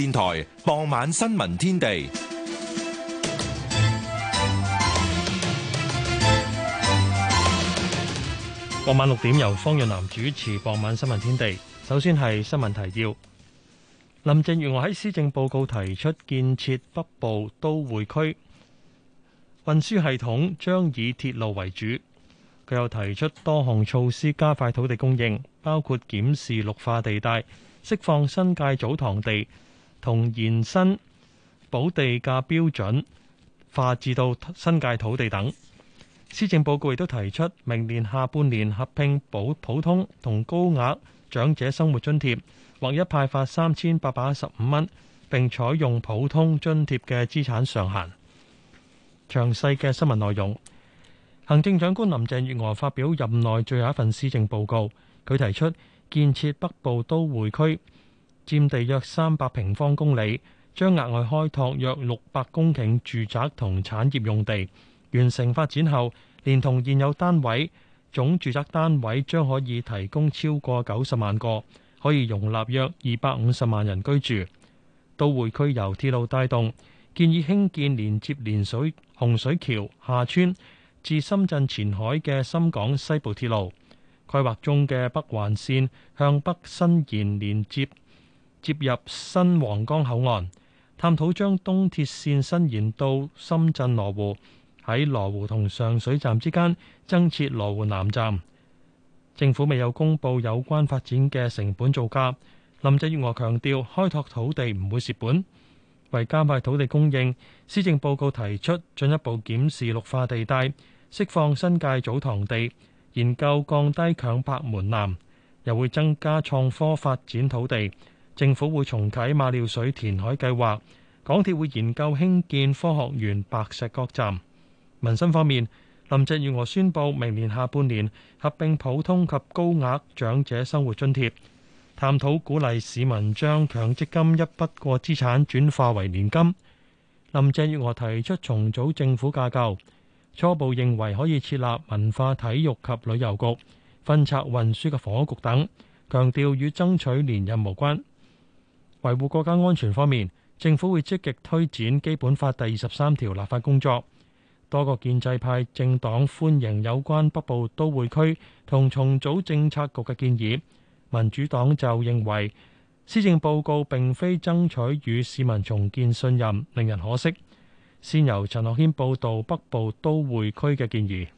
電台傍晚新聞天地，傍晚六點由方潤南主持。傍晚新聞天地，首先係新聞提要。林鄭月娥喺施政報告提出建設北部都會區運輸系統，將以鐵路為主。佢又提出多項措施加快土地供應，包括檢視綠化地帶、釋放新界祖堂地。同延伸補地價標準化至到新界土地等。施政報告亦都提出，明年下半年合併保普通同高額長者生活津貼，劃一派發三千八百一十五蚊，並採用普通津貼嘅資產上限。詳細嘅新聞內容。行政長官林鄭月娥發表任內最後一份施政報告，佢提出建設北部都會區。佔地約三百平方公里，將額外開拓約六百公頃住宅同產業用地。完成發展後，連同現有單位，總住宅單位將可以提供超過九十萬個，可以容納約二百五十萬人居住。都會區由鐵路帶動，建議興建連接連水洪水橋下村至深圳前海嘅深港西部鐵路。規劃中嘅北環線向北伸延連接。接入新皇崗口岸，探討將東鐵線伸延到深圳羅湖，喺羅湖同上水站之間增設羅湖南站。政府未有公布有關發展嘅成本造價。林鄭月娥強調，開拓土地唔會蝕本。為加快土地供應，施政報告提出進一步檢視綠化地帶，釋放新界祖堂地，研究降低強拍門檻，又會增加創科發展土地。政府會重啟馬料水填海計劃，港鐵會研究興建科學園白石角站。民生方面，林鄭月娥宣布明年下半年合併普通及高額長者生活津貼，探討鼓勵市民將強積金一筆過資產轉化為年金。林鄭月娥提出重組政府架構，初步認為可以設立文化、體育及旅遊局，分拆運輸嘅房屋局等，強調與爭取連任無關。維護國家安全方面，政府會積極推展《基本法》第二十三條立法工作。多個建制派政黨歡迎有關北部都會區同重組政策局嘅建議，民主黨就認為施政報告並非爭取與市民重建信任，令人可惜。先由陳樂謙報道北部都會區嘅建議。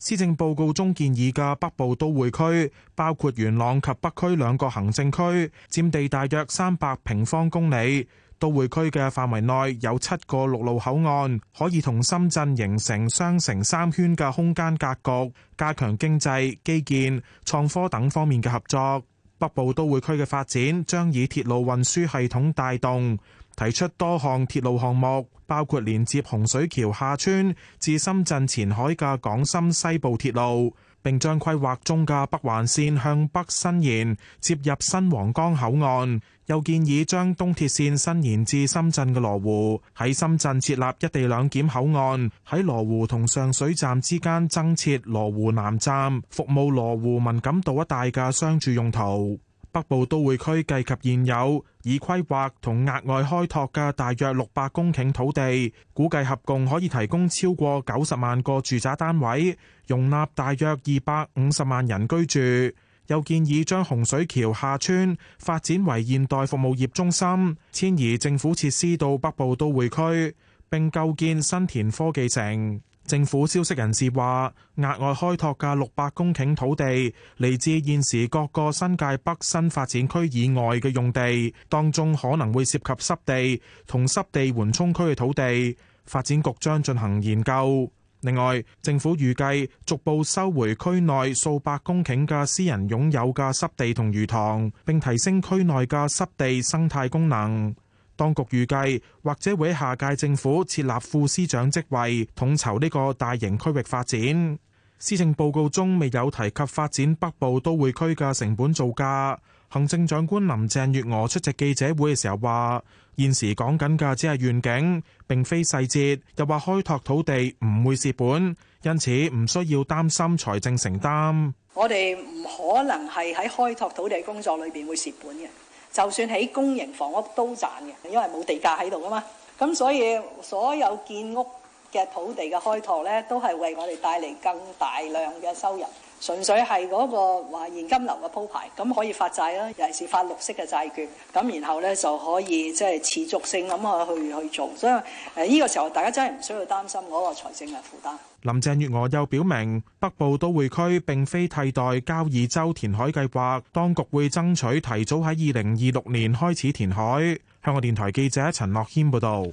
施政報告中建議嘅北部都會區，包括元朗及北區兩個行政區，佔地大約三百平方公里。都會區嘅範圍內有七個陸路口岸，可以同深圳形成雙城三圈嘅空間格局，加強經濟、基建、創科等方面嘅合作。北部都會區嘅發展將以鐵路運輸系統帶動。提出多項鐵路項目，包括連接洪水橋下村至深圳前海嘅港深西部鐵路，並將規劃中嘅北環線向北伸延，接入新皇崗口岸。又建議將東鐵線伸延至深圳嘅羅湖，喺深圳設立一地兩檢口岸，喺羅湖同上水站之間增設羅湖南站，服務羅湖文錦渡一帶嘅商住用途。北部都會區計及現有已規劃同額外開拓嘅大約六百公頃土地，估計合共可以提供超過九十萬個住宅單位，容納大約二百五十萬人居住。又建議將洪水橋下村發展為現代服務業中心，遷移政府設施到北部都會區，並構建新田科技城。政府消息人士話，額外開拓嘅六百公頃土地嚟自現時各個新界北新發展區以外嘅用地，當中可能會涉及濕地同濕地緩衝區嘅土地。發展局將進行研究。另外，政府預計逐步收回區內數百公頃嘅私人擁有嘅濕地同魚塘，並提升區內嘅濕地生態功能。當局預計，或者會喺下屆政府設立副司長職位，統籌呢個大型區域發展。施政報告中未有提及發展北部都會區嘅成本造價。行政長官林鄭月娥出席記者會嘅時候話：現時講緊嘅只係願景，並非細節。又話開拓土地唔會蝕本，因此唔需要擔心財政承擔。我哋唔可能係喺開拓土地工作裏邊會蝕本嘅。就算起公營房屋都賺嘅，因為冇地價喺度啊嘛，咁所以所有建屋嘅土地嘅開拓咧，都係為我哋帶嚟更大量嘅收入。純粹係嗰個話現金流嘅鋪排，咁可以發債啦，尤其是發綠色嘅債券，咁然後呢，就可以即係、就是、持續性咁啊去去做，所以誒呢個時候大家真係唔需要擔心嗰個財政嘅負擔。林鄭月娥又表明，北部都會區並非替代交椅洲填海計劃，當局會爭取提早喺二零二六年開始填海。香港電台記者陳樂軒報導。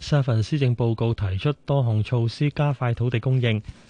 上一份施政報告提出多項措施加快土地供應。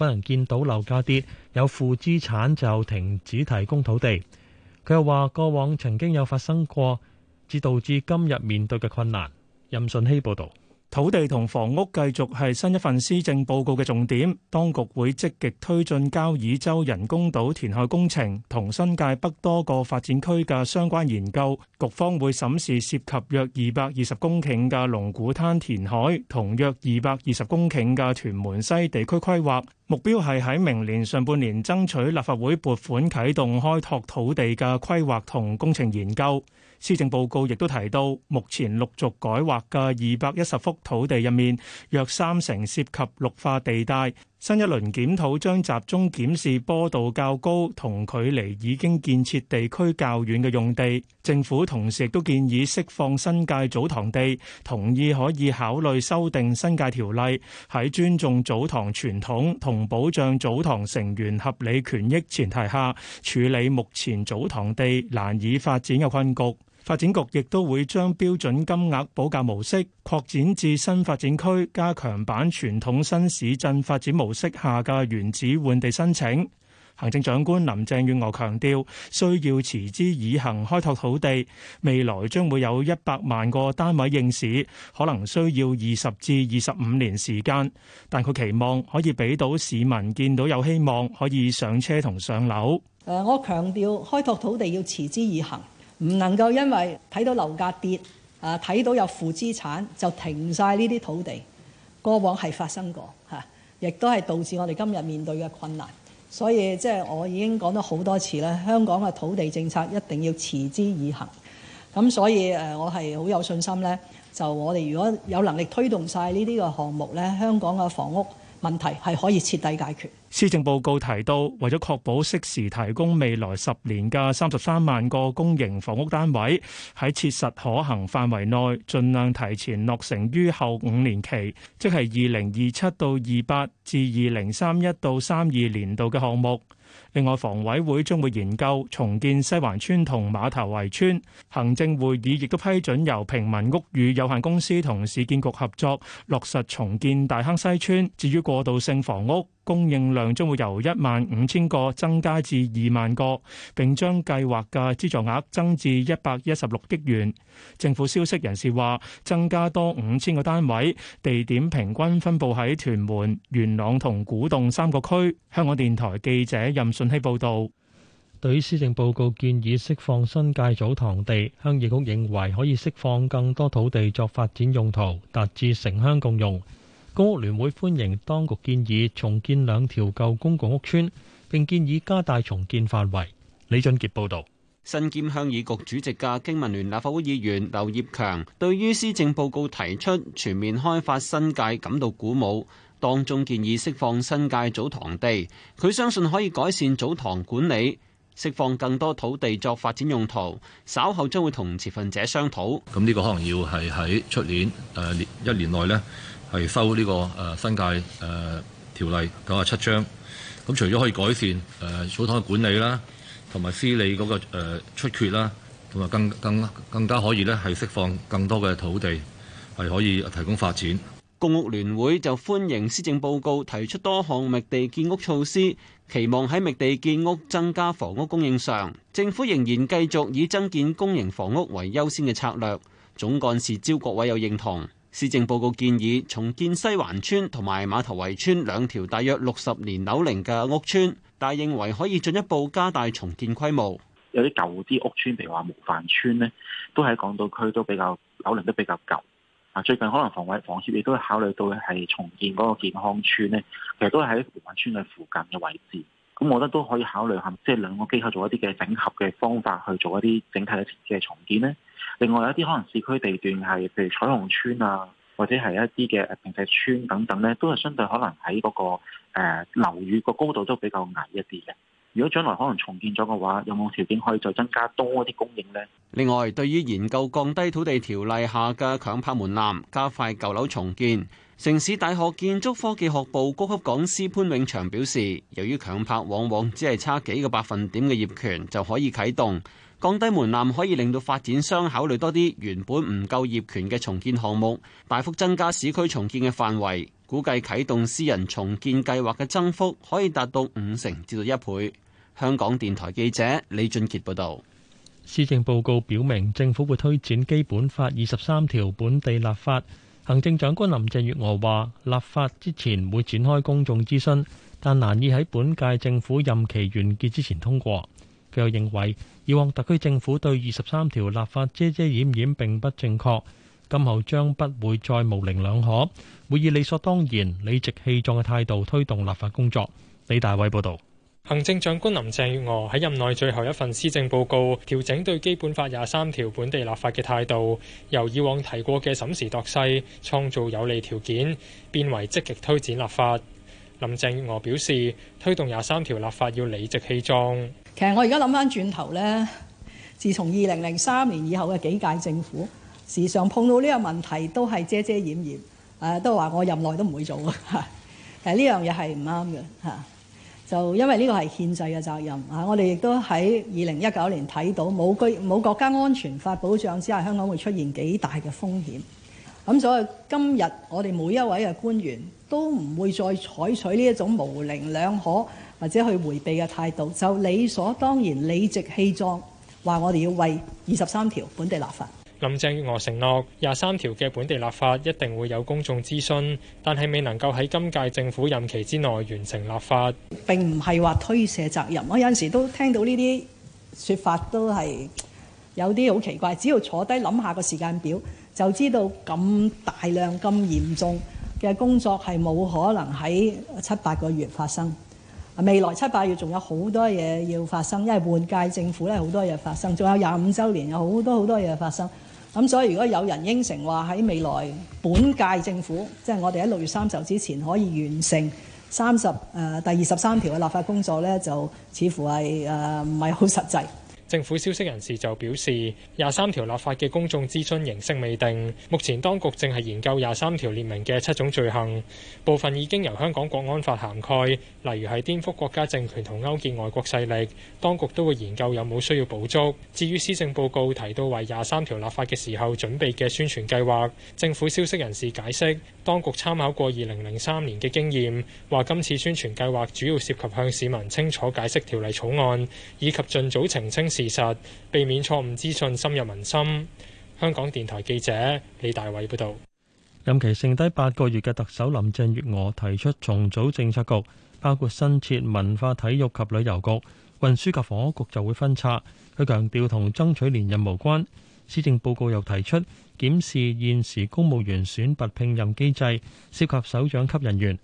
不能見到樓價跌，有負資產就停止提供土地。佢又話：過往曾經有發生過，至導致今日面對嘅困難。任信希報導。土地同房屋繼續係新一份施政報告嘅重點，當局會積極推進交椅洲人工島填海工程同新界北多個發展區嘅相關研究，局方會審視涉及約二百二十公頃嘅龍鼓灘填海同約二百二十公頃嘅屯門西地區規劃，目標係喺明年上半年爭取立法會撥款，啟動開拓土地嘅規劃同工程研究。施政報告亦都提到，目前陸續改劃嘅二百一十幅土地入面，約三成涉及綠化地帶。新一輪檢討將集中檢視坡度較高同距離已經建設地區較遠嘅用地。政府同時亦都建議釋放新界祖堂地，同意可以考慮修訂新界條例，喺尊重祖堂傳統同保障祖堂成員合理權益前提下，處理目前祖堂地難以發展嘅困局。發展局亦都會將標準金額補價模式擴展至新發展區，加強版傳統新市鎮發展模式下嘅原址換地申請。行政長官林鄭月娥強調，需要持之以恒開拓土地，未來將會有一百萬個單位應市，可能需要二十至二十五年時間。但佢期望可以俾到市民見到有希望可以上車同上樓。誒、呃，我強調開拓土地要持之以恒。唔能夠因為睇到樓價跌，啊，睇到有負資產就停晒呢啲土地。過往係發生過嚇，亦都係導致我哋今日面對嘅困難。所以即係，就是，我已經講咗好多次啦，香港嘅土地政策一定要持之以恒。咁所以誒，我係好有信心咧。就我哋如果有能力推動晒呢啲嘅項目咧，香港嘅房屋。問題係可以徹底解決。施政報告提到，為咗確保適時提供未來十年嘅三十三萬個公營房屋單位，喺切實可行範圍內，盡量提前落成於後五年期，即係二零二七到二八至二零三一到三二年度嘅項目。另外，房委會將會研究重建西環村同碼頭圍村。行政會議亦都批准由平民屋宇有限公司同市建局合作落實重建大坑西村。至於過渡性房屋。供應量將會由一萬五千個增加至二萬個，並將計劃嘅資助額增至一百一十六億元。政府消息人士話，增加多五千個單位，地點平均分佈喺屯門、元朗同古洞三個區。香港電台記者任信希報道。對於施政報告建議釋放新界祖堂地，鄉議局認為可以釋放更多土地作發展用途，達至城鄉共用。公屋聯會歡迎當局建議重建兩條舊公共屋邨，並建議加大重建範圍。李俊傑報導。身兼鄉議局主席嘅經民聯立法會議員劉業強對於施政報告提出全面開發新界感到鼓舞，當中建議釋放新界祖堂地，佢相信可以改善祖堂管理，釋放更多土地作發展用途。稍後將會同持份者商討。咁呢個可能要係喺出年誒一年內呢。係收呢個誒新界誒、呃、條例，九啊七章咁，除咗可以改善誒、呃、祖堂嘅管理啦，同埋司理嗰個、呃、出缺啦，同埋更更更加可以咧係釋放更多嘅土地，係可以提供發展。公屋聯會就歡迎施政報告提出多項覓地建屋措施，期望喺覓地建屋增加房屋供應上，政府仍然繼續以增建公營房屋為優先嘅策略。總幹事招國偉有認同。施政報告建議重建西環村同埋馬頭圍村兩條大約六十年樓齡嘅屋村，但係認為可以進一步加大重建規模。有啲舊啲屋村，譬如話模範村咧，都喺港島區都比較樓齡都比較舊。啊，最近可能房委房協亦都考慮到係重建嗰個健康村咧，其實都喺模範村嘅附近嘅位置。咁我覺得都可以考慮下，即係兩個機構做一啲嘅整合嘅方法，去做一啲整體嘅重建咧。另外一啲可能市區地段係譬如彩虹邨啊，或者係一啲嘅平石邨等等咧，都係相對可能喺嗰個誒樓宇個高度都比較矮一啲嘅。如果將來可能重建咗嘅話，有冇條件可以再增加多一啲供應咧？另外，對於研究降低土地條例下嘅強拍門檻，加快舊樓重建，城市大學建築科技學部高級講師潘永祥表示，由於強拍往往只係差幾個百分點嘅業權就可以啟動。降低門檻可以令到發展商考慮多啲原本唔夠業權嘅重建項目，大幅增加市區重建嘅範圍。估計啟動私人重建計劃嘅增幅可以達到五成至到一倍。香港電台記者李俊傑報道。施政報告表明，政府會推展基本法二十三條本地立法。行政長官林鄭月娥話：立法之前會展開公眾諮詢，但難以喺本屆政府任期完結之前通過。佢又認為，以往特區政府對《二十三條》立法遮遮掩掩並不正確，今後將不會再模棱兩可，會以理所當然、理直氣壯嘅態度推動立法工作。李大偉報導。行政長官林鄭月娥喺任內最後一份施政報告調整對《基本法》廿三條本地立法嘅態度，由以往提過嘅審時度勢、創造有利條件，變為積極推展立法。林鄭月娥表示，推動《廿三條》立法要理直氣壯。其實我而家諗翻轉頭呢，自從二零零三年以後嘅幾屆政府，時常碰到呢個問題都係遮遮掩掩，誒、啊、都話我任內都唔會做啊！但呢樣嘢係唔啱嘅嚇，就因為呢個係憲制嘅責任嚇、啊。我哋亦都喺二零一九年睇到冇居冇國家安全法保障之下，香港會出現幾大嘅風險。咁所以今日我哋每一位嘅官員都唔會再採取呢一種模棱兩可或者去回避嘅態度，就理所當然、理直氣壯話，我哋要為二十三條本地立法。林鄭月娥承諾廿三條嘅本地立法一定會有公眾諮詢，但係未能夠喺今屆政府任期之內完成立法。並唔係話推卸責任，我有陣時都聽到呢啲說法，都係有啲好奇怪。只要坐低諗下個時間表。就知道咁大量咁嚴重嘅工作係冇可能喺七八個月發生。未來七八月仲有好多嘢要發生，因為換屆政府咧好多嘢發生，仲有廿五周年有好多好多嘢發生。咁所以如果有人應承話，喺未來本屆政府，即係我哋喺六月三十之前可以完成三十誒第二十三條嘅立法工作咧，就似乎係誒唔係好實際。政府消息人士就表示，廿三條立法嘅公眾諮詢形式未定，目前當局正係研究廿三條列明嘅七種罪行，部分已經由香港國安法涵蓋，例如係顛覆國家政權同勾結外國勢力，當局都會研究有冇需要補足。至於施政報告提到為廿三條立法嘅時候準備嘅宣傳計劃，政府消息人士解釋，當局參考過二零零三年嘅經驗，話今次宣傳計劃主要涉及向市民清楚解釋條例草案，以及盡早澄清。其實避免錯誤資訊深入民心。香港電台記者李大偉報道，任期剩低八個月嘅特首林鄭月娥提出重組政策局，包括新設文化體育及旅遊局，運輸及房屋局就會分拆。佢強調同爭取連任無關。施政報告又提出檢視現時公務員選拔聘任機制，涉及首長級人員。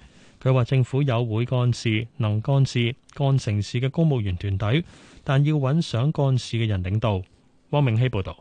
佢話：政府有會幹事、能幹事、幹成事嘅公務員團隊，但要揾想幹事嘅人領導。汪明希報道。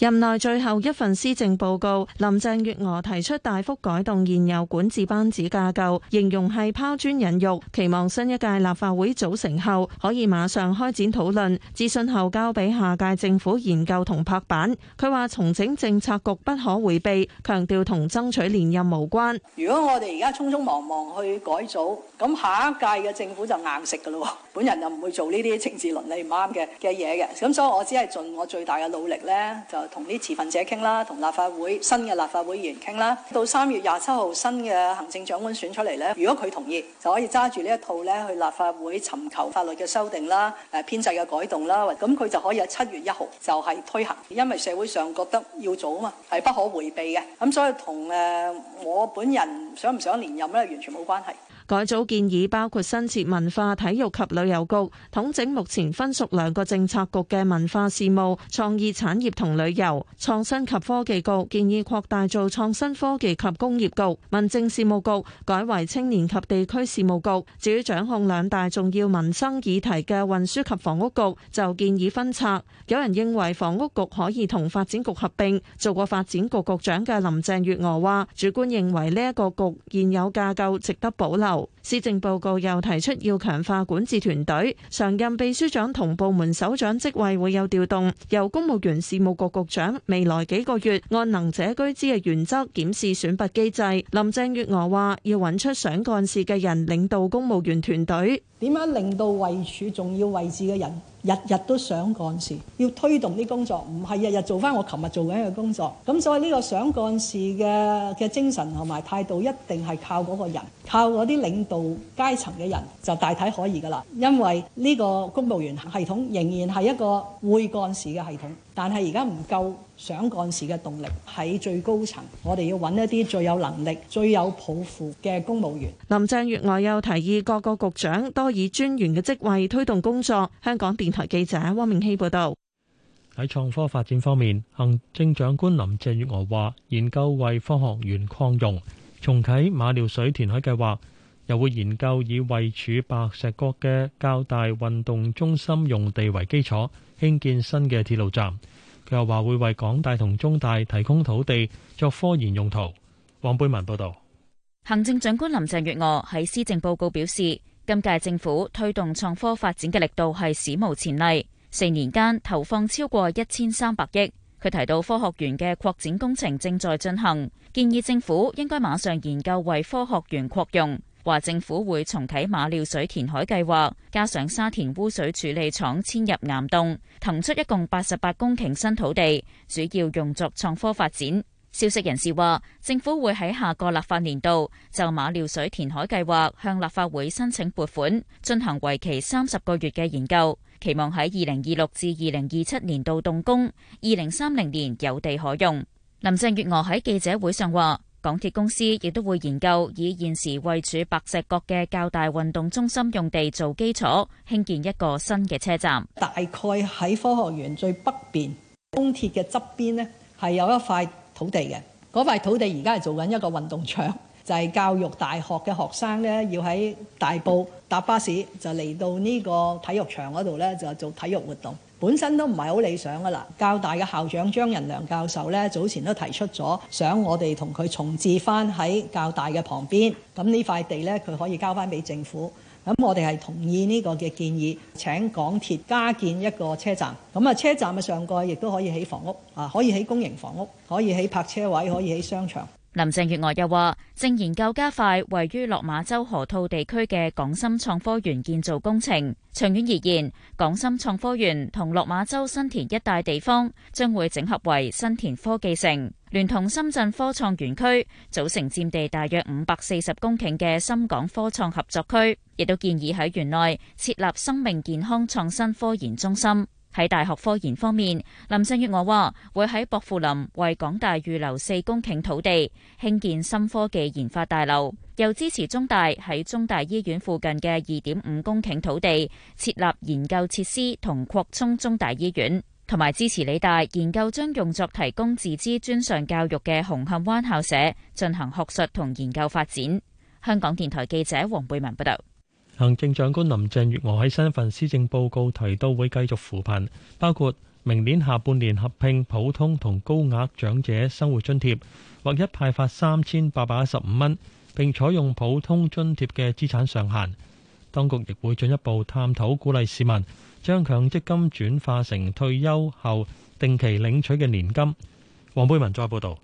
任內最後一份施政報告，林鄭月娥提出大幅改動現有管治班子架構，形容係拋磚引玉，期望新一屆立法會組成後可以馬上開展討論，諮詢後交俾下屆政府研究同拍板。佢話重整政策局不可回避，強調同爭取連任無關。如果我哋而家匆匆忙忙去改組，咁下一屆嘅政府就硬食噶咯。本人又唔會做呢啲政治倫理唔啱嘅嘅嘢嘅，咁所以我只係盡我最大嘅努力咧就。同啲持份者傾啦，同立法會新嘅立法會議員傾啦，到三月廿七號新嘅行政長官選出嚟咧，如果佢同意，就可以揸住呢一套咧去立法會尋求法律嘅修訂啦、誒編制嘅改動啦，咁佢就可以喺七月一號就係推行，因為社會上覺得要做啊嘛，係不可迴避嘅，咁所以同誒我本人想唔想連任咧，完全冇關係。改組建議包括新設文化、體育及旅遊局，統整目前分屬兩個政策局嘅文化事務、創意產業同旅遊；創新及科技局建議擴大做創新科技及工業局；民政事務局改為青年及地區事務局。至於掌控兩大重要民生議題嘅運輸及房屋局，就建議分拆。有人認為房屋局可以同發展局合併，做過發展局局長嘅林鄭月娥話，主觀認為呢一個局現有架構值得保留。施政報告又提出要強化管治團隊，常任祕書長同部門首長職位會有調動。由公務員事務局局，局長未來幾個月按能者居之嘅原則檢視選拔機制。林鄭月娥話要搵出想幹事嘅人領導公務員團隊，點樣令到位處重要位置嘅人日日都想幹事？要推動啲工作，唔係日日做翻我琴日做緊嘅工作。咁所以呢個想幹事嘅嘅精神同埋態度，一定係靠嗰個人。靠嗰啲領導階層嘅人就大體可以噶啦，因為呢個公務員系統仍然係一個會幹事嘅系統，但係而家唔夠想幹事嘅動力。喺最高層，我哋要揾一啲最有能力、最有抱負嘅公務員。林鄭月娥又提議各個局長多以專員嘅職位推動工作。香港電台記者汪明熙報道。喺創科發展方面，行政長官林鄭月娥話：研究為科學員擴容。重啟馬料水填海計劃，又會研究以位處白石角嘅較大運動中心用地為基礎興建新嘅鐵路站。佢又話會為港大同中大提供土地作科研用途。黃貝文報道，行政長官林鄭月娥喺施政報告表示，今屆政府推動創科發展嘅力度係史無前例，四年間投放超過一千三百億。佢提到科學園嘅擴展工程正在進行，建議政府應該馬上研究為科學園擴容。話政府會重啟馬料水填海計劃，加上沙田污水處理廠遷入岩洞，騰出一共八十八公頃新土地，主要用作創科發展。消息人士話，政府會喺下個立法年度就馬料水填海計劃向立法會申請撥款，進行為期三十個月嘅研究。期望喺二零二六至二零二七年度動工，二零三零年有地可用。林鄭月娥喺記者會上話，港鐵公司亦都會研究以現時位處白石角嘅較大運動中心用地做基礎興建一個新嘅車站，大概喺科學園最北邊。東鐵嘅側邊呢，係有一塊土地嘅。嗰塊土地而家係做緊一個運動場，就係、是、教育大學嘅學生呢，要喺大埔。搭巴士就嚟到呢個體育場嗰度呢就做體育活動。本身都唔係好理想㗎喇。教大嘅校長張仁良教授呢，早前都提出咗，想我哋同佢重置翻喺教大嘅旁邊。咁呢塊地呢，佢可以交翻俾政府。咁我哋係同意呢個嘅建議，請港鐵加建一個車站。咁啊，車站嘅上蓋亦都可以起房屋啊，可以起公營房屋，可以起泊車位，可以起商場。林鄭月娥又話，正研究加快位於落馬洲河套地區嘅港深創科園建造工程。長遠而言，港深創科園同落馬洲新田一帶地方將會整合為新田科技城，聯同深圳科創園區，組成佔地大約五百四十公頃嘅深港科創合作區，亦都建議喺園內設立生命健康創新科研中心。喺大學科研方面，林鄭月娥話會喺薄扶林為港大預留四公頃土地興建新科技研發大樓，又支持中大喺中大醫院附近嘅二點五公頃土地設立研究設施同擴充中大醫院，同埋支持理大研究將用作提供自資專上教育嘅紅磡灣校舍進行學術同研究發展。香港電台記者黃貝文報道。行政長官林鄭月娥喺新一份施政報告提到，會繼續扶貧，包括明年下半年合拼普通同高額長者生活津貼，或一派發三千八百一十五蚊，並採用普通津貼嘅資產上限。當局亦會進一步探討鼓勵市民將強積金轉化成退休後定期領取嘅年金。黃貝文再報道。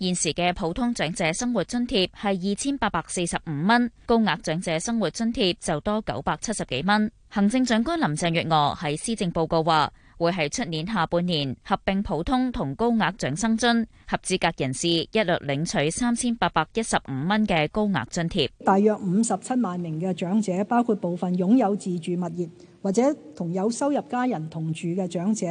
現時嘅普通長者生活津貼係二千八百四十五蚊，高額長者生活津貼就多九百七十幾蚊。行政長官林鄭月娥喺施政報告話，會喺出年下半年合併普通同高額長生津，合資格人士一律領取三千八百一十五蚊嘅高額津貼。大約五十七萬名嘅長者，包括部分擁有自住物業或者同有收入家人同住嘅長者。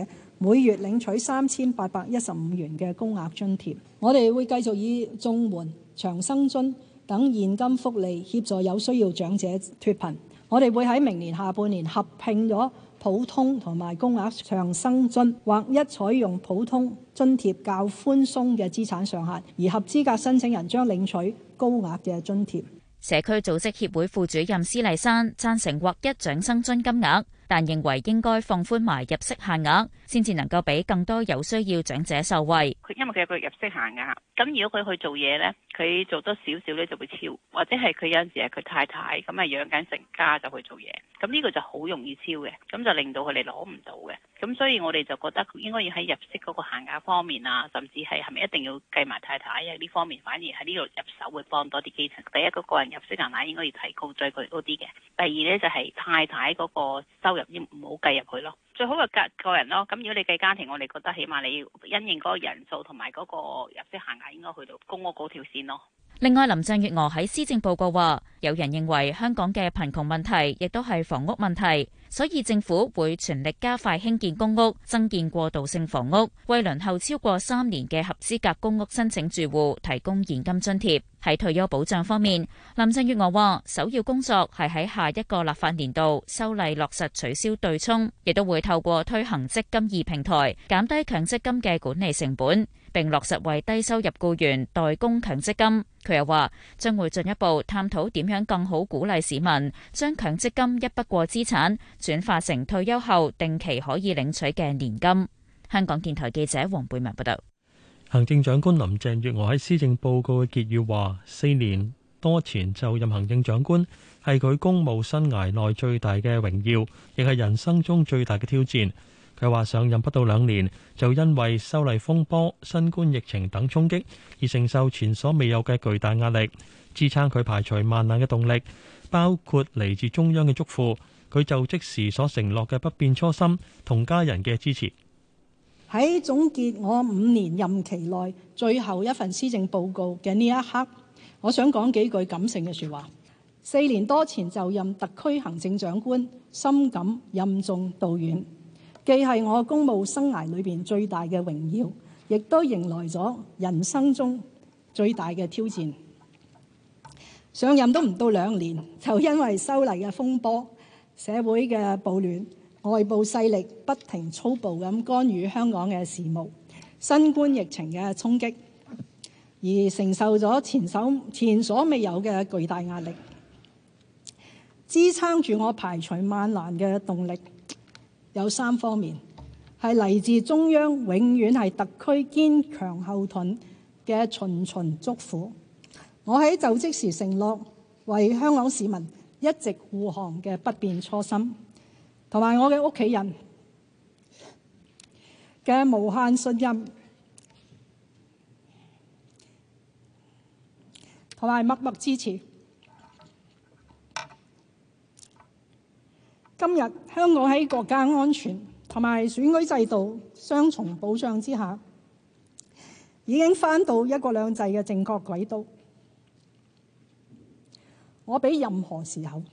每月領取三千八百一十五元嘅高額津貼，我哋會繼續以綜援、長生津等現金福利協助有需要長者脱貧。我哋會喺明年下半年合併咗普通同埋高額長生津，劃一採用普通津貼較寬鬆嘅資產上限，而合資格申請人將領取高額嘅津貼。社區組織協會副主任施麗珊贊成劃一長生津金額。但認為應該放寬埋入息限額，先至能夠俾更多有需要長者受惠。佢因為佢有個入息限額。咁如果佢去做嘢呢，佢做多少少呢就會超，或者係佢有陣時係佢太太咁係養緊成家就去做嘢。咁呢個就好容易超嘅，咁就令到佢哋攞唔到嘅。咁所以我哋就覺得應該要喺入息嗰個限額方面啊，甚至係係咪一定要計埋太太喺呢方面，反而喺呢度入手會幫多啲基層。第一個，個人入息限額應該要提高再佢高啲嘅。第二呢，就係太太嗰個收入。要唔好計入去咯，最好係個個人咯。咁如果你計家庭，我哋覺得起碼你要因應嗰個人數同埋嗰個入息限額，應該去到公屋嗰條線咯。另外，林鄭月娥喺施政報告話：有人認為香港嘅貧窮問題亦都係房屋問題，所以政府會全力加快興建公屋、增建過渡性房屋，為輪候超過三年嘅合資格公屋申請住戶提供現金津貼。喺退休保障方面，林鄭月娥話首要工作係喺下一個立法年度修例落實取消對沖，亦都會透過推行積金易平台減低強積金嘅管理成本。並落實為低收入雇員代供強積金。佢又話將會進一步探討點樣更好鼓勵市民將強積金一筆過資產轉化成退休後定期可以領取嘅年金。香港電台記者黃貝文報道，行政長官林鄭月娥喺施政報告嘅結語話：四年多前就任行政長官係佢公務生涯內最大嘅榮耀，亦係人生中最大嘅挑戰。佢話：上任不到兩年，就因為修例風波、新冠疫情等衝擊而承受前所未有嘅巨大壓力，支撐佢排除萬難嘅動力，包括嚟自中央嘅祝福，佢就職時所承諾嘅不變初心，同家人嘅支持。喺總結我五年任期內最後一份施政報告嘅呢一刻，我想講幾句感性嘅說話。四年多前就任特區行政長官，深感任重道遠。既係我公務生涯裏面最大嘅榮耀，亦都迎來咗人生中最大嘅挑戰。上任都唔到兩年，就因為修例嘅風波、社會嘅暴亂、外部勢力不停粗暴咁干預香港嘅事務、新冠疫情嘅衝擊，而承受咗前所前所未有嘅巨大壓力，支撐住我排除萬難嘅動力。有三方面，係嚟自中央永遠係特區堅強後盾嘅循循祝福。我喺就職時承諾，為香港市民一直護航嘅不變初心，同埋我嘅屋企人嘅無限信任，同埋默默支持。今日香港喺國家安全同埋選舉制度雙重保障之下，已經返到一國兩制嘅正確軌道。我比任何時候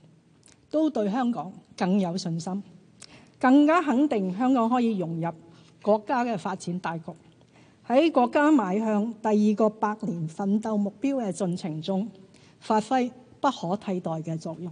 都對香港更有信心，更加肯定香港可以融入國家嘅發展大局。喺國家邁向第二個百年奮鬥目標嘅進程中，發揮不可替代嘅作用。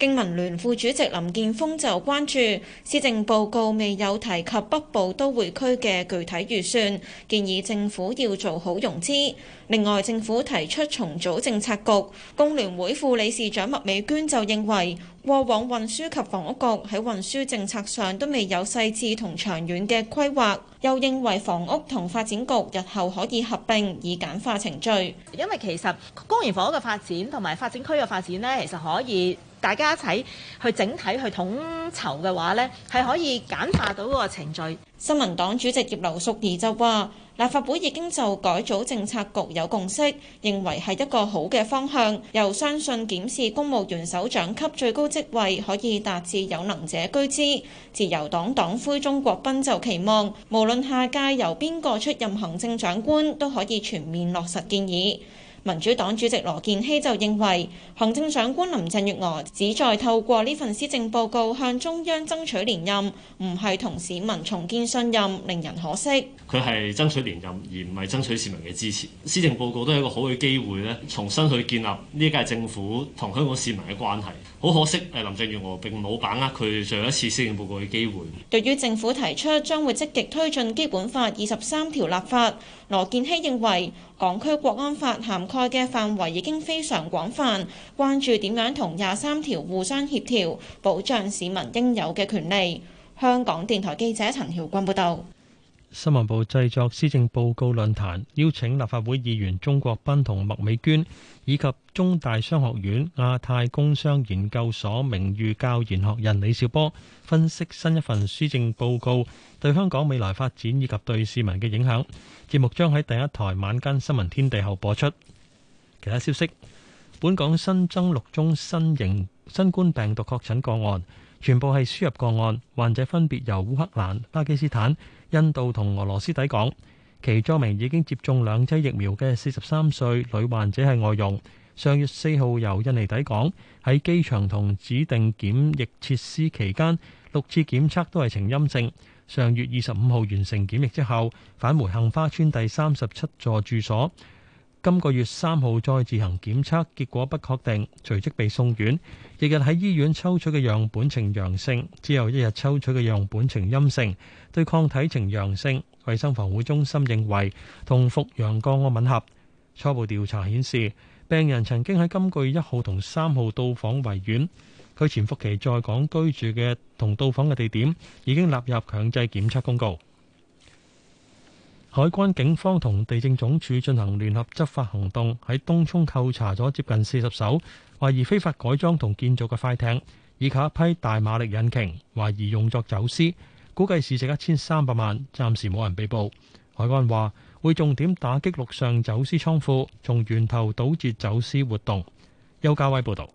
經民聯副主席林健鋒就關注施政報告未有提及北部都會區嘅具體預算，建議政府要做好融資。另外，政府提出重組政策局，工聯會副理事長麥美娟就認為，過往運輸及房屋局喺運輸政策上都未有細緻同長遠嘅規劃，又認為房屋同發展局日後可以合併，以簡化程序。因為其實公營房屋嘅發展同埋發展區嘅發展呢，其實可以。大家一齊去整體去統籌嘅話呢，係可以簡化到嗰個程序。新民黨主席葉劉淑儀就話：立法會已經就改組政策局有共識，認為係一個好嘅方向。又相信檢視公務員首長級最高職位，可以達至有能者居之。自由黨黨魁鍾國斌就期望，無論下屆由邊個出任行政長官，都可以全面落實建議。民主黨主席羅健熙就認為，行政長官林鄭月娥旨在透過呢份施政報告向中央爭取連任，唔係同市民重建信任，令人可惜。佢係爭取連任而唔係爭取市民嘅支持。施政報告都係一個好嘅機會咧，重新去建立呢一屆政府同香港市民嘅關係。好可惜，誒林鄭月娥並冇把握佢上一次施政報告嘅機會。對於政府提出將會積極推進基本法二十三條立法，羅健熙認為港區國安法涵蓋嘅範圍已經非常廣泛，關注點樣同廿三條互相協調，保障市民應有嘅權利。香港電台記者陳曉君報導。新聞部製作《施政報告論壇》，邀請立法會議員鍾國斌同麥美娟，以及中大商學院亞太工商研究所名譽教研學人李兆波，分析新一份施政報告對香港未來發展以及對市民嘅影響。節目將喺第一台晚間新聞天地後播出。其他消息：本港新增六宗新型新冠病毒確診個案。全部係輸入個案，患者分別由烏克蘭、巴基斯坦、印度同俄羅斯抵港。其中一名已經接種兩劑疫苗嘅四十三歲女患者係外傭。上月四號由印尼抵港，喺機場同指定檢疫設施期間六次檢測都係呈陰性。上月二十五號完成檢疫之後返回杏花村第三十七座住所。今個月三號再自行檢測結果不確定，隨即被送院。翌日喺醫院抽取嘅樣本呈陽性，之後一日抽取嘅樣本呈陰性，對抗體呈陽性。衞生防護中心認為同復陽個案吻合。初步調查顯示，病人曾經喺今個月一號同三號到訪維園。佢潛伏期在港居住嘅同到訪嘅地點已經納入強制檢測公告。海關警方同地政總署進行聯合執法行動，喺東涌扣查咗接近四十艘懷疑非法改裝同建造嘅快艇，以及一批大馬力引擎，懷疑用作走私，估計市值一千三百萬，暫時冇人被捕。海關話會重點打擊陸上走私倉庫，從源頭堵截走私活動。邱家威報導。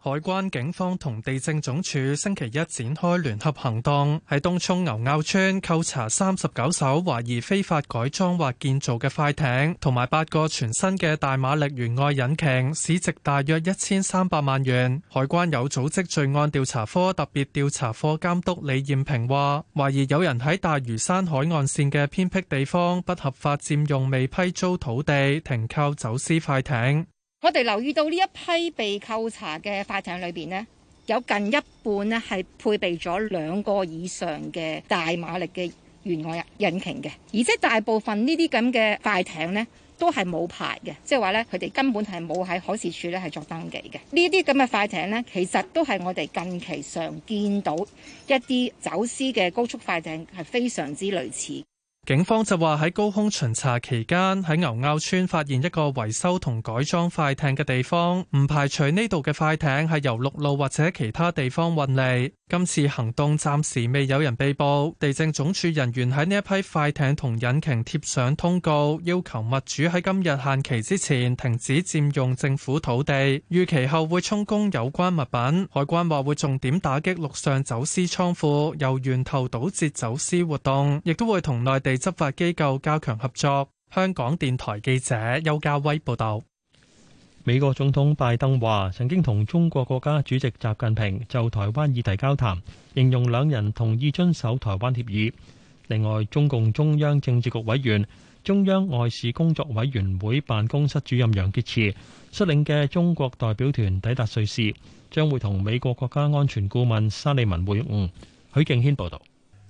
海關警方同地政總署星期一展開聯合行動，喺東涌牛坳村扣查三十九艘懷疑非法改裝或建造嘅快艇，同埋八個全新嘅大馬力舷外引擎，市值大約一千三百萬元。海關有組織罪案調查科特別調查科監督李艷平話，懷疑有人喺大嶼山海岸線嘅偏僻地方，不合法佔用未批租土地，停靠走私快艇。我哋留意到呢一批被扣查嘅快艇裏邊呢，有近一半呢，係配備咗兩個以上嘅大馬力嘅舷外引擎嘅，而且大部分呢啲咁嘅快艇呢，都係冇牌嘅，即係話呢，佢哋根本係冇喺海事處呢，係作登記嘅。呢啲咁嘅快艇呢，其實都係我哋近期常見到一啲走私嘅高速快艇，係非常之類似。警方就話喺高空巡查期間，喺牛坳村發現一個維修同改裝快艇嘅地方，唔排除呢度嘅快艇係由陸路或者其他地方運嚟。今次行動暫時未有人被捕，地政總署人員喺呢一批快艇同引擎貼上通告，要求物主喺今日限期之前停止佔用政府土地，逾期後會充公有關物品。海關話會重點打擊陸上走私倉庫，由源頭堵截走私活動，亦都會同內地執法機構加強合作。香港電台記者邱家威報導。美國總統拜登話，曾經同中國國家主席習近平就台灣議題交談，形容兩人同意遵守台灣協議。另外，中共中央政治局委員、中央外事工作委員會辦公室主任楊潔篪率領嘅中國代表團抵達瑞士，將會同美國國家安全顧問沙利文會晤。許敬軒報道：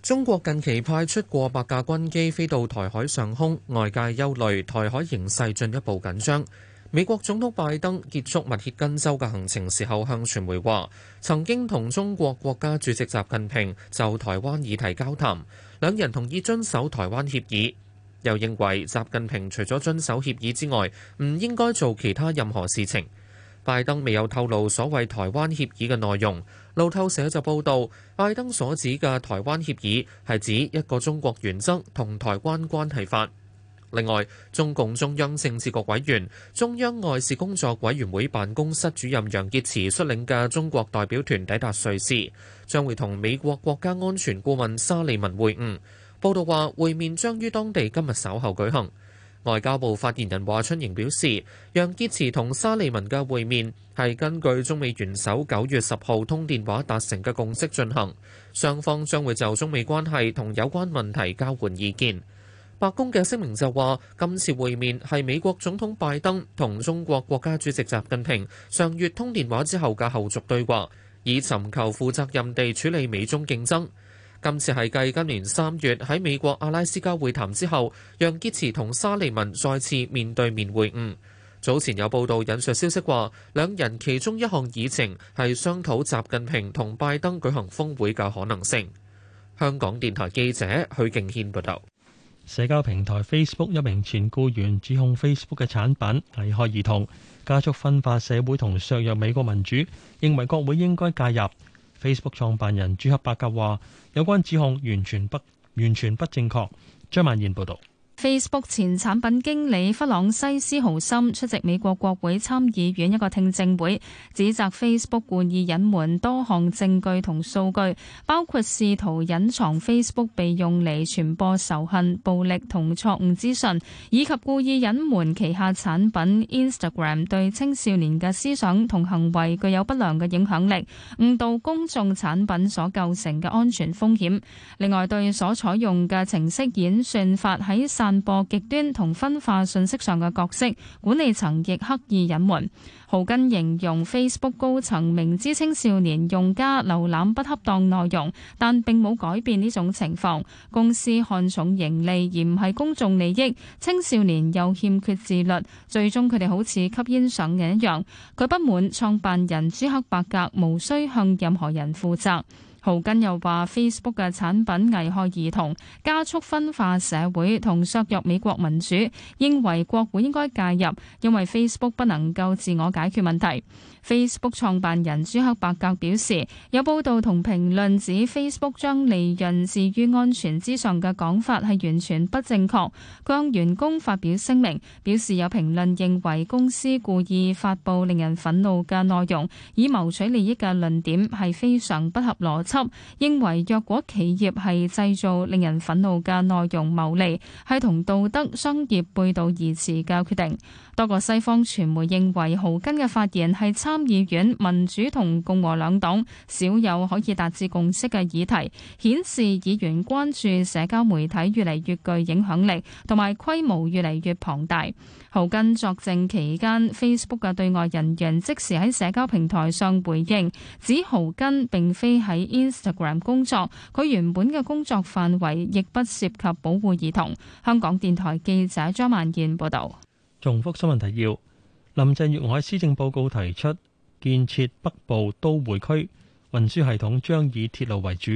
中國近期派出過百架軍機飛到台海上空，外界憂慮台海形勢進一步緊張。美國總統拜登結束密歇根州嘅行程時候，向傳媒話：曾經同中國國家主席習近平就台灣議題交談，兩人同意遵守台灣協議，又認為習近平除咗遵守協議之外，唔應該做其他任何事情。拜登未有透露所謂台灣協議嘅內容。路透社就報道，拜登所指嘅台灣協議係指一個中國原則同台灣關係法。另外，中共中央政治局委員、中央外事工作委員會辦公室主任楊潔篪率領嘅中國代表團抵達瑞士，將會同美國國家安全顧問沙利文會晤報道話會面將於當地今日稍後舉行外交部發言人華春瑩表示，楊潔篪同沙利文嘅會面係根據中美元首九月十號通電話達成嘅共識進行，雙方將會就中美關係同有關問題交換意見。白宮嘅聲明就話，今次會面係美國總統拜登同中國國家主席習近平上月通電話之後嘅後續對話，以尋求負責任地處理美中競爭。今次係繼今年三月喺美國阿拉斯加會談之後，楊潔篪同沙利文再次面對面會晤。早前有報道引述消息話，兩人其中一項議程係商討習近平同拜登舉行峰會嘅可能性。香港電台記者許敬軒報道。社交平台 Facebook 一名前雇員指控 Facebook 嘅產品危害兒童，加速分化社會同削弱美國民主，認為國會應該介入。Facebook 創辦人朱克伯格話：有關指控完全不完全不正確。張曼燕報道。Facebook 前產品經理弗朗西斯豪森，出席美國國會參議院一個聽證會，指責 Facebook 故意隱瞞多項證據同數據，包括試圖隱藏 Facebook 被用嚟傳播仇恨、暴力同錯誤資訊，以及故意隱瞞旗下產品 Instagram 對青少年嘅思想同行為具有不良嘅影響力，誤導公眾產品所構成嘅安全風險。另外，對所採用嘅程式演算法喺散播極端同分化信息上嘅角色，管理層亦刻意隱瞞。豪根形容 Facebook 高層明知青少年用家瀏覽不恰當內容，但並冇改變呢種情況，公司看重盈利而唔係公眾利益。青少年又欠缺自律，最終佢哋好似吸煙上癮一樣。佢不滿創辦人朱克伯格無需向任何人負責。豪根又話：Facebook 嘅產品危害兒童，加速分化社會，同削弱美國民主，認為國會應該介入，因為 Facebook 不能夠自我解決問題。Facebook 創辦人朱克伯格表示，有報道同評論指 Facebook 將利潤置於安全之上嘅講法係完全不正確。佢向員工發表聲明，表示有評論認為公司故意發布令人憤怒嘅內容以謀取利益嘅論點係非常不合邏輯。認為若果企業係製造令人憤怒嘅內容牟利，係同道德商業背道而馳嘅決定。多個西方傳媒認為，豪根嘅發言係參議院民主同共和兩黨少有可以達至共識嘅議題，顯示議員關注社交媒體越嚟越具影響力，同埋規模越嚟越龐大。豪根作證期間，Facebook 嘅對外人員即時喺社交平台上回應，指豪根並非喺 Instagram 工作，佢原本嘅工作範圍亦不涉及保護兒童。香港電台記者張萬健報導。重複新聞提要：林鄭月娥喺施政報告提出建設北部都會區，運輸系統將以鐵路為主。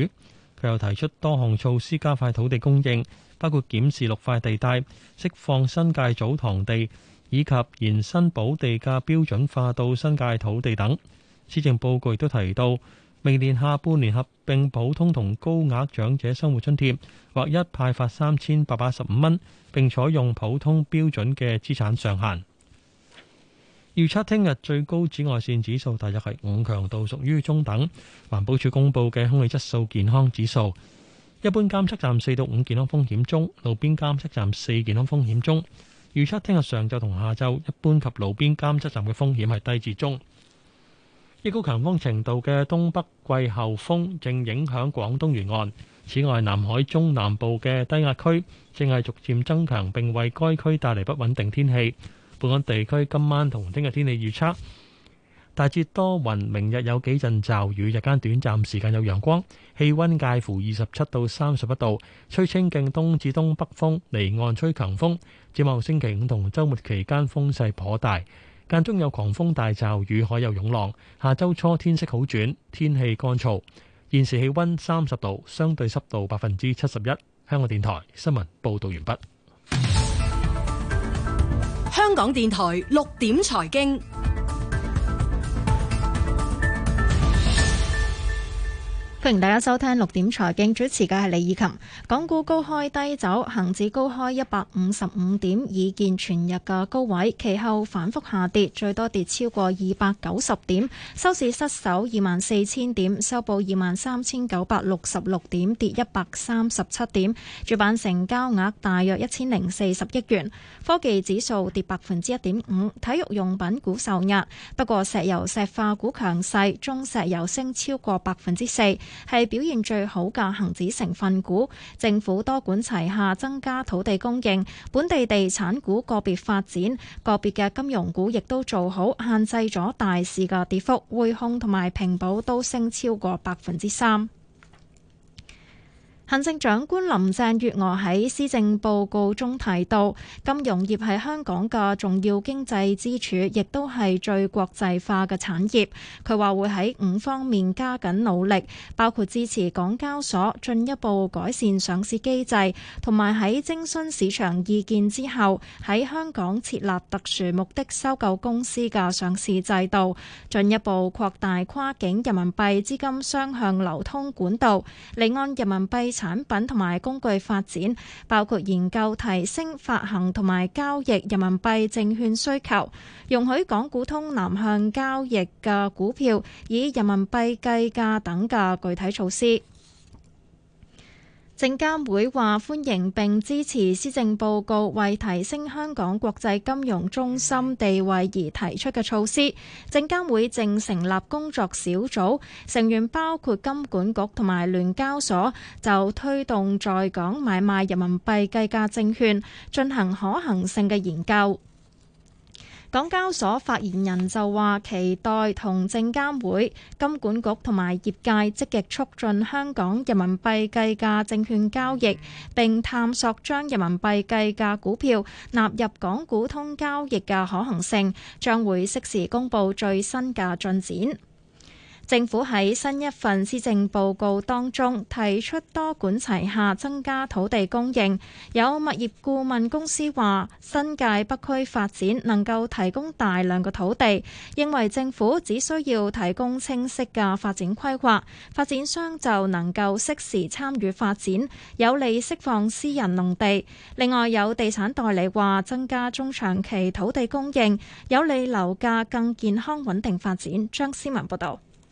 佢又提出多項措施加快土地供應，包括檢視綠化地帶釋放新界祖堂地，以及延伸補地價標準化到新界土地等。施政報告亦都提到。明年下半年合併普通同高額長者生活津貼，或一派發三千八百十五蚊，並採用普通標準嘅資產上限。預測聽日最高紫外線指數大約係五強度，屬於中等。環保署公布嘅空氣質素健康指數，一般監測站四到五健康風險中，路邊監測站四健康風險中。預測聽日上晝同下晝，一般及路邊監測站嘅風險係低至中。一股強風程度嘅東北季候風正影響廣東沿岸。此外，南海中南部嘅低壓區正係逐漸增強，並為該區帶嚟不穩定天氣。本港地區今晚同聽日天氣預測：大致多雲，明日有幾陣驟雨，日間短暫時間有陽光，氣温介乎二十七到三十一度，吹清勁東至東北風，離岸吹強風。展望星期五同週末期間風勢頗大。間中有狂風大驟雨，海有湧浪。下周初天色好轉，天氣乾燥。現時氣溫三十度，相對濕度百分之七十一。香港電台新聞報道完畢。香港電台六點財經。歡迎大家收聽六點財經，主持嘅係李以琴。港股高開低走，恒指高開一百五十五點，已見全日嘅高位，其後反覆下跌，最多跌超過二百九十點，收市失守二萬四千點，收報二萬三千九百六十六點，跌一百三十七點。主板成交額大約一千零四十億元，科技指數跌百分之一點五，體育用品股受壓，不過石油石化股強勢，中石油升超過百分之四。係表現最好嘅恒指成分股，政府多管齊下增加土地供應，本地地產股個別發展，個別嘅金融股亦都做好，限制咗大市嘅跌幅。匯控同埋平保都升超過百分之三。行政長官林鄭月娥喺施政報告中提到，金融業係香港嘅重要經濟支柱，亦都係最國際化嘅產業。佢話會喺五方面加緊努力，包括支持港交所進一步改善上市機制，同埋喺徵詢市場意見之後，喺香港設立特殊目的收購公司嘅上市制度，進一步擴大跨境人民幣資金雙向流通管道，離岸人民幣，產品同埋工具發展，包括研究提升發行同埋交易人民幣證券需求，容許港股通南向交易嘅股票以人民幣計價等嘅具體措施。證監會話歡迎並支持施政報告為提升香港國際金融中心地位而提出嘅措施。證監會正成立工作小組，成員包括金管局同埋聯交所，就推動在港買賣人民幣計價證券進行可行性嘅研究。港交所發言人就話：期待同證監會、金管局同埋業界積極促進香港人民幣計價證券交易，並探索將人民幣計價股票納入港股通交易嘅可行性，將會適時公布最新嘅進展。政府喺新一份施政報告當中提出多管齊下，增加土地供應。有物業顧問公司話：新界北區發展能夠提供大量嘅土地，認為政府只需要提供清晰嘅發展規劃，發展商就能夠適時參與發展，有利釋放私人農地。另外有地產代理話：增加中長期土地供應，有利樓價更健康穩定發展。張思文報導。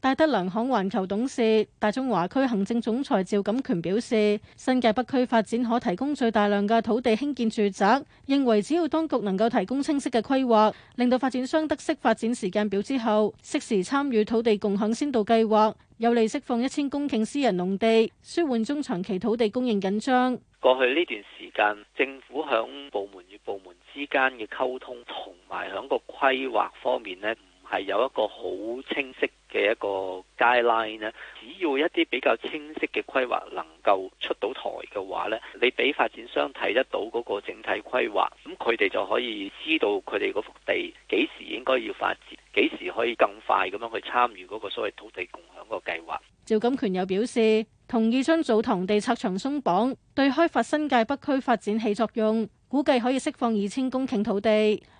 大德良行環球董事、大中華區行政總裁趙錦權表示：新界北區發展可提供最大量嘅土地興建住宅，認為只要當局能夠提供清晰嘅規劃，令到發展商得悉發展時間表之後，適時參與土地共享先導計劃，有利釋放一千公頃私人農地，舒緩中長期土地供應緊張。過去呢段時間，政府響部門與部門之間嘅溝通同埋響個規劃方面呢，唔係有一個好清晰。只要一啲比較清晰嘅規劃能夠出到台嘅話呢，你俾發展商睇得到嗰個整體規劃，咁佢哋就可以知道佢哋嗰幅地幾時應該要發展，幾時可以更快咁樣去參與嗰個所謂土地共享個計劃。趙錦權又表示，同意將祖堂地拆牆鬆綁，對開發新界北區發展起作用，估計可以釋放二千公頃土地。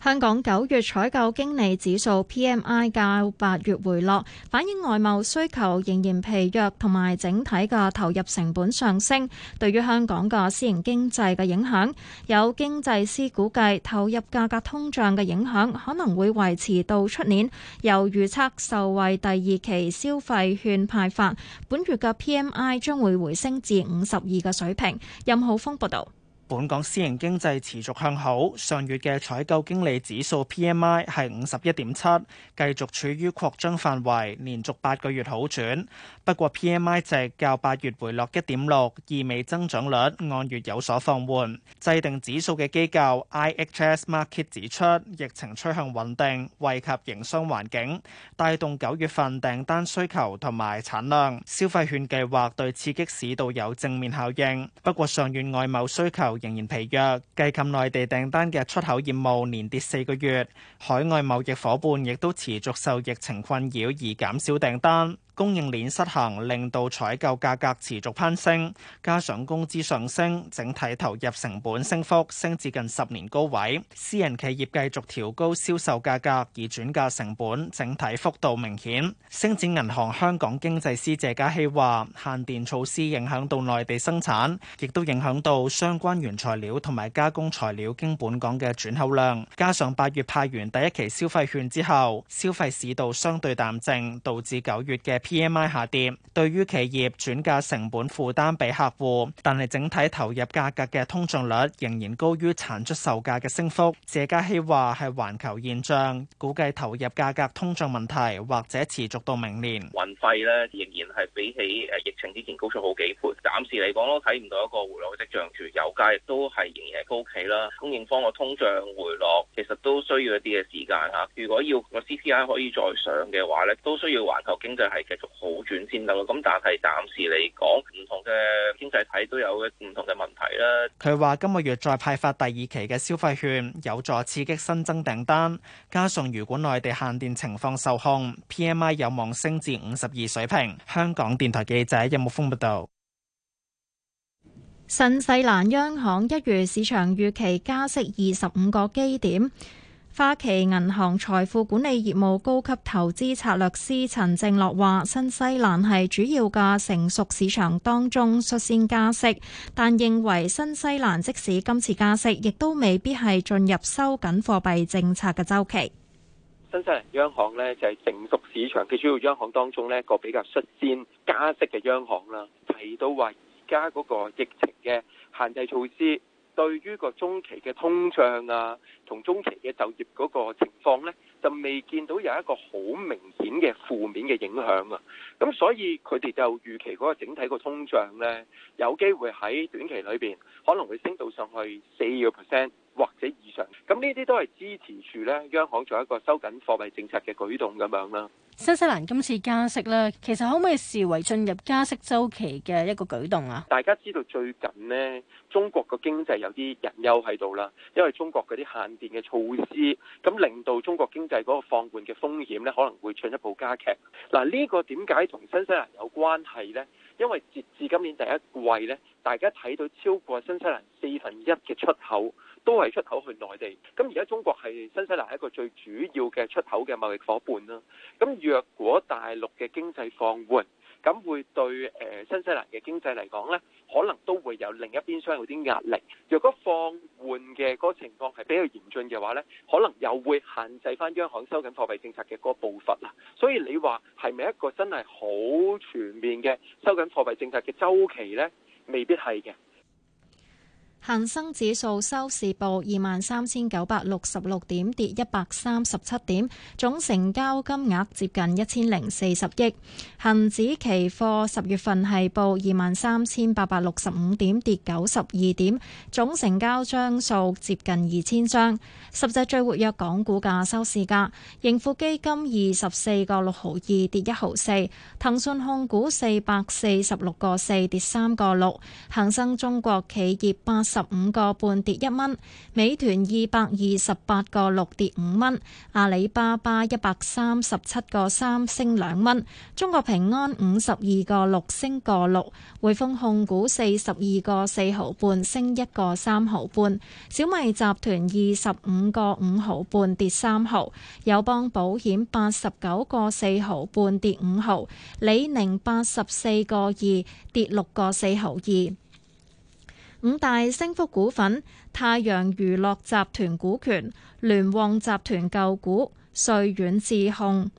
香港九月採購經理指數 PMI 較八月回落，反映外貿需求仍然疲弱，同埋整體嘅投入成本上升，對於香港嘅私營經濟嘅影響，有經濟師估計投入價格通脹嘅影響可能會維持到出年。由預測受惠第二期消費券派發，本月嘅 PMI 將會回升至五十二嘅水平。任浩峰報道。本港私營經濟持續向好，上月嘅採購經理指數 PMI 係五十一點七，繼續處於擴張範圍，連續八個月好轉。不過，PMI 值較八月回落一點六，意味增長率按月有所放緩。制定指數嘅機構 IHS Markit 指出，疫情趨向穩定，惠及營商環境，帶動九月份訂單需求同埋產量。消費券計劃對刺激市道有正面效應，不過上月外貿需求仍然疲弱，計及內地訂單嘅出口業務連跌四個月，海外貿易伙伴亦都持續受疫情困擾而減少訂單。供應鏈失衡令到採購價格持續攀升，加上工資上升，整體投入成本升幅升至近十年高位。私人企業繼續調高銷售價格而轉嫁成本，整體幅度明顯。星展銀行香港經濟師謝嘉希話：限電措施影響到內地生產，亦都影響到相關原材料同埋加工材料經本港嘅轉口量。加上八月派完第一期消費券之後，消費市道相對淡靜，導致九月嘅。P.M.I. 下跌，對於企業轉嫁成本負擔畀客戶，但係整體投入價格嘅通脹率仍然高於產出售價嘅升幅。謝家希話係環球現象，估計投入價格通脹問題或者持續到明年。運費咧仍然係比起誒疫情之前高出好幾倍，暫時嚟講都睇唔到一個回落嘅跡象，住油價亦都係仍然係高企啦。供應方個通脹回落其實都需要一啲嘅時間嚇。如果要個 C.P.I. 可以再上嘅話咧，都需要環球經濟係好轉先，等咁但係暫時嚟講，唔同嘅經濟體都有嘅唔同嘅問題啦。佢話今個月再派發第二期嘅消費券，有助刺激新增訂單，加上如果內地限電情況受控，PMI 有望升至五十二水平。香港電台記者任木峯報道。新西蘭央行一如市場預期加息二十五個基點。花旗銀行財富管理業務高級投資策略師陳正樂話，新西蘭係主要嘅成熟市場當中率先加息，但認為新西蘭即使今次加息，亦都未必係進入收緊貨幣政策嘅周期。新西蘭央行呢，就係成熟市場嘅主要央行當中呢一個比較率先加息嘅央行啦。提到話，而家嗰個疫情嘅限制措施。對於個中期嘅通脹啊，同中期嘅就業嗰個情況呢，就未見到有一個好明顯嘅負面嘅影響啊。咁所以佢哋就預期嗰個整體個通脹呢，有機會喺短期裏邊可能會升到上去四個 percent。或者以上咁呢啲都係支持住咧，央行做一個收緊貨幣政策嘅舉動咁樣啦。新西蘭今次加息咧，其實可唔可以視為進入加息周期嘅一個舉動啊？大家知道最近呢，中國嘅經濟有啲隱憂喺度啦，因為中國嗰啲限電嘅措施，咁令到中國經濟嗰個放緩嘅風險咧，可能會進一步加劇嗱。呢個點解同新西蘭有關係呢？因為截至今年第一季呢，大家睇到超過新西蘭四分一嘅出口，都係出口去內地，咁而家中國係新西蘭一個最主要嘅出口嘅貿易伙伴啦。咁若果大陸嘅經濟放緩，咁會對誒新西蘭嘅經濟嚟講呢，可能都會有另一邊廂有啲壓力。若果放緩嘅嗰個情況係比較嚴峻嘅話呢，可能又會限制翻央行收緊貨幣政策嘅嗰個步伐啦。所以你話係咪一個真係好全面嘅收緊貨幣政策嘅周期呢？未必係嘅。恒生指數收市報二萬三千九百六十六點，跌一百三十七點，總成交金額接近一千零四十億。恒指期貨十月份係報二萬三千八百六十五點，跌九十二點，總成交張數接近二千張。十隻最活躍港股價收市價，盈富基金二十四個六毫二跌一毫四，騰訊控股四百四十六個四跌三個六，恒生中國企業八。十五個半跌一蚊，美團二百二十八個六跌五蚊，阿里巴巴一百三十七個三升兩蚊，中國平安五十二個六升個六，匯豐控股四十二個四毫半升一個三毫半，小米集團二十五個五毫半跌三毫，友邦保險八十九個四毫半跌五毫，李寧八十四個二跌六個四毫二。五大升幅股份：太陽娛樂集團股權、聯旺集團舊股、瑞遠智控、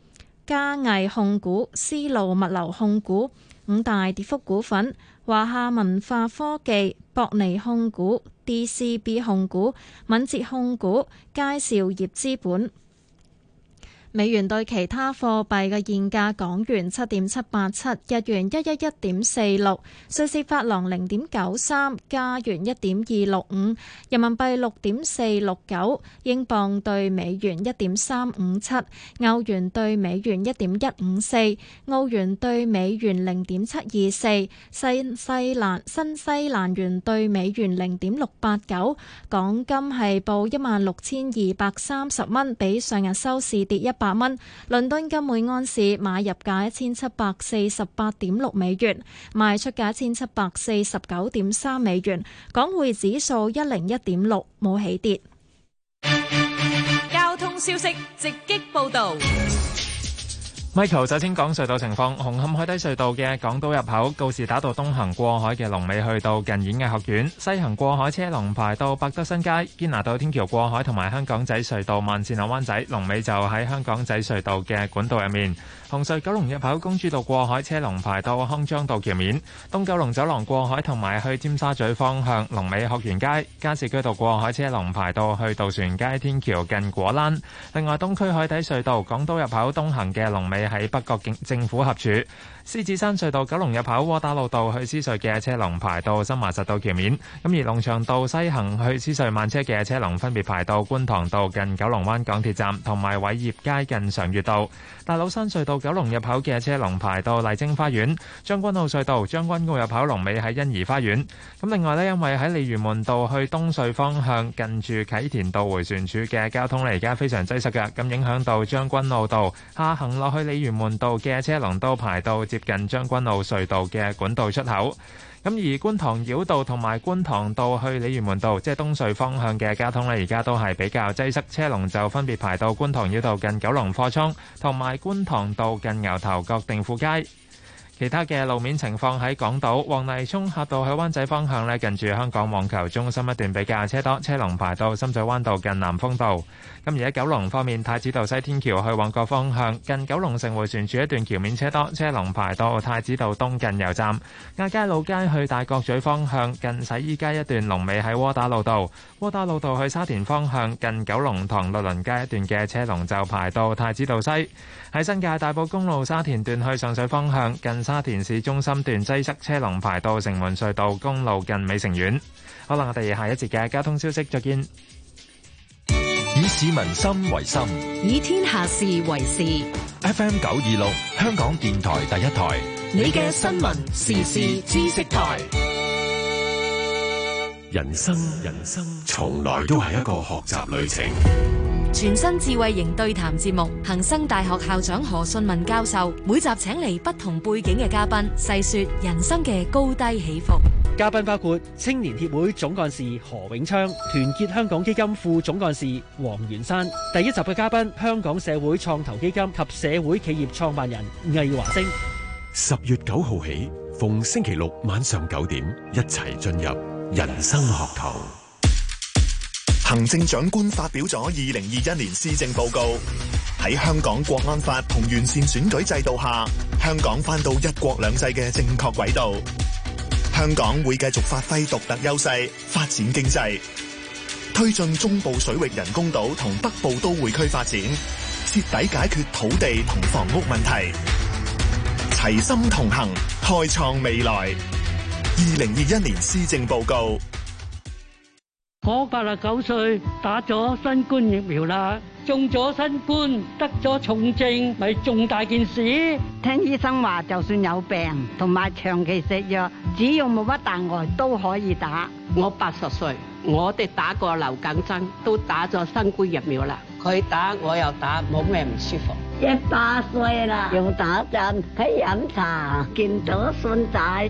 嘉藝控股、絲路物流控股；五大跌幅股份：華夏文化科技、博尼控股、DCB 控股、敏捷控股、佳兆業資本。美元對其他貨幣嘅現價：港元七點七八七，日元一一一點四六，瑞士法郎零點九三，加元一點二六五，人民幣六點四六九，英鎊對美元一點三五七，歐元對美元一點一五四，澳元對美元零點七二四，新西蘭新西蘭元對美元零點六八九。港金係報一萬六千二百三十蚊，比上日收市跌一百蚊，倫敦金每安士買入價一千七百四十八點六美元，賣出價一千七百四十九點三美元，港匯指數一零一點六，冇起跌。交通消息直擊報道。Michael 首先講隧道情況，紅磡海底隧道嘅港島入口告士打道東行過海嘅龍尾去到近演藝學院，西行過海車龍排到百德新街、堅拿道天橋過海同埋香港仔隧道慢線樓，灣仔龍尾就喺香港仔隧道嘅管道入面。紅隧九龍入口公主道過海車龍排到康莊道橋面，東九龍走廊過海同埋去尖沙咀方向龍尾學園街，加士居道過海車龍排到去渡船街天橋近果欄。另外，東區海底隧道港島入口東行嘅龍尾喺北角政府合署。獅子山隧道九龍入口、窩打老道去獅隧嘅車龍排到新馬石道橋面；咁而龍翔道西行去獅隧慢車嘅車龍分別排到觀塘道近九龍灣港鐵站，同埋偉業街近常悅道。大老山隧道九龍入口嘅車龍排到麗晶花園；將軍澳隧道將軍澳入口龍尾喺欣怡花園。咁另外呢，因為喺鯉魚門道去東隧方向近住啟田道迴旋處嘅交通咧，而家非常擠塞嘅，咁影響到將軍澳道下行落去鯉魚門道嘅車龍都排到接。近將軍澳隧道嘅管道出口，咁而觀塘繞道同埋觀塘道去鯉魚門道，即係東隧方向嘅交通呢，而家都係比較擠塞，車龍就分別排到觀塘繞道近九龍貨倉，同埋觀塘道近牛頭角定富街。其他嘅路面情況喺港島，黃泥涌峽道去灣仔方向呢，近住香港網球中心一段比較車多，車龍排到深水灣道近南風道。今日喺九龍方面，太子道西天橋去旺角方向，近九龍城迴旋處一段橋面車多，車龍排到太子道東近油站。亞皆老街去大角咀方向，近洗衣街一段龍尾喺窩打老道。窩打老道去沙田方向，近九龍塘律倫街一段嘅車龍就排到太子道西。喺新界大埔公路沙田段去上水方向，近沙田市中心段擠塞，車龍排到城門隧道公路近美城苑。好啦，我哋下一節嘅交通消息，再見。以市民心為心，以天下事為事。FM 九二六，香港電台第一台，你嘅新聞時事知識台。人生人生從來都係一個學習旅程。全新智慧型對談節目《恒生大學校長何信文教授》，每集請嚟不同背景嘅嘉賓細說人生嘅高低起伏。嘉賓包括青年協會總幹事何永昌、團結香港基金副總幹事黃元山、第一集嘅嘉賓香港社會創投基金及社會企業創辦人魏華星。十月九號起，逢星期六晚上九點，一齊進入。人生學徒，行政長官發表咗二零二一年施政報告。喺香港國安法同完善選舉制度下，香港翻到一國兩制嘅正確軌道。香港會繼續發揮獨特優勢，發展經濟，推進中部水域人工島同北部都會區發展，徹底解決土地同房屋問題。齊心同行，開創未來。二零二一年施政報告。我八十九歲，打咗新冠疫苗啦，中咗新冠，得咗重症，咪重大件事。聽醫生話，就算有病同埋長期食藥，只要冇乜大礙，都可以打。我八十歲，我哋打過流感針，都打咗新冠疫苗啦。佢打，我又打，冇咩唔舒服。一百歲啦，用打針，喺飲茶，見到信仔。